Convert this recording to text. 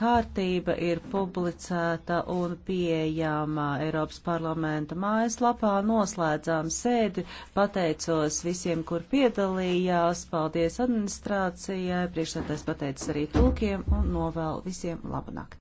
kārtība ir publicēta un pieejama Eiropas parlamenta mājaslapā. Noslēdzām sēdi, pateicos visiem, kur piedalījās, paldies administrācijai, priekšsēdētājs pateicis arī tulkiem un novēl visiem labu nakti.